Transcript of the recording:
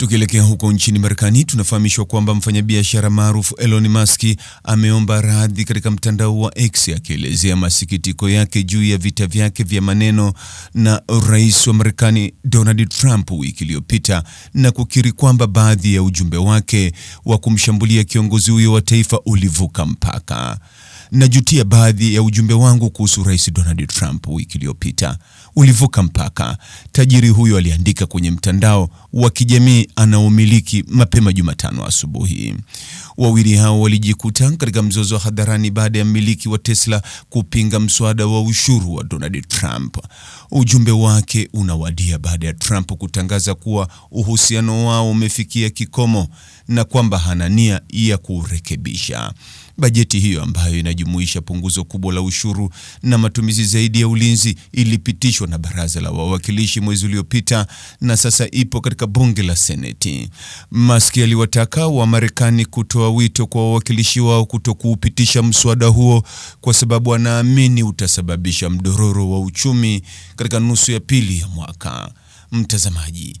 Tukielekea huko nchini Marekani, tunafahamishwa kwamba mfanyabiashara maarufu Elon Musk ameomba radhi katika mtandao wa X akielezea ya masikitiko yake juu ya vita vyake vya maneno na Rais wa Marekani Donald Trump wiki iliyopita na kukiri kwamba baadhi ya ujumbe wake wa kumshambulia kiongozi huyo wa taifa ulivuka mpaka. Najutia baadhi ya ujumbe wangu kuhusu Rais Donald Trump wiki iliyopita ulivuka mpaka, tajiri huyo aliandika kwenye mtandao wa kijamii anaomiliki mapema Jumatano asubuhi. Wawili hao walijikuta katika mzozo hadharani baada ya mmiliki wa Tesla kupinga mswada wa ushuru wa Donald Trump. Ujumbe wake unawadia baada ya Trump kutangaza kuwa uhusiano wao umefikia kikomo na kwamba hana nia ya kurekebisha. Bajeti hiyo ambayo inajumuisha punguzo kubwa la ushuru na matumizi zaidi ya ulinzi ilipitishwa na Baraza la Wawakilishi mwezi uliopita na sasa ipo katika bunge la Seneti. Musk aliwataka Wamarekani kutoa wito kwa wawakilishi wao kutokuupitisha mswada huo kwa sababu anaamini utasababisha mdororo wa uchumi katika nusu ya pili ya mwaka. Mtazamaji,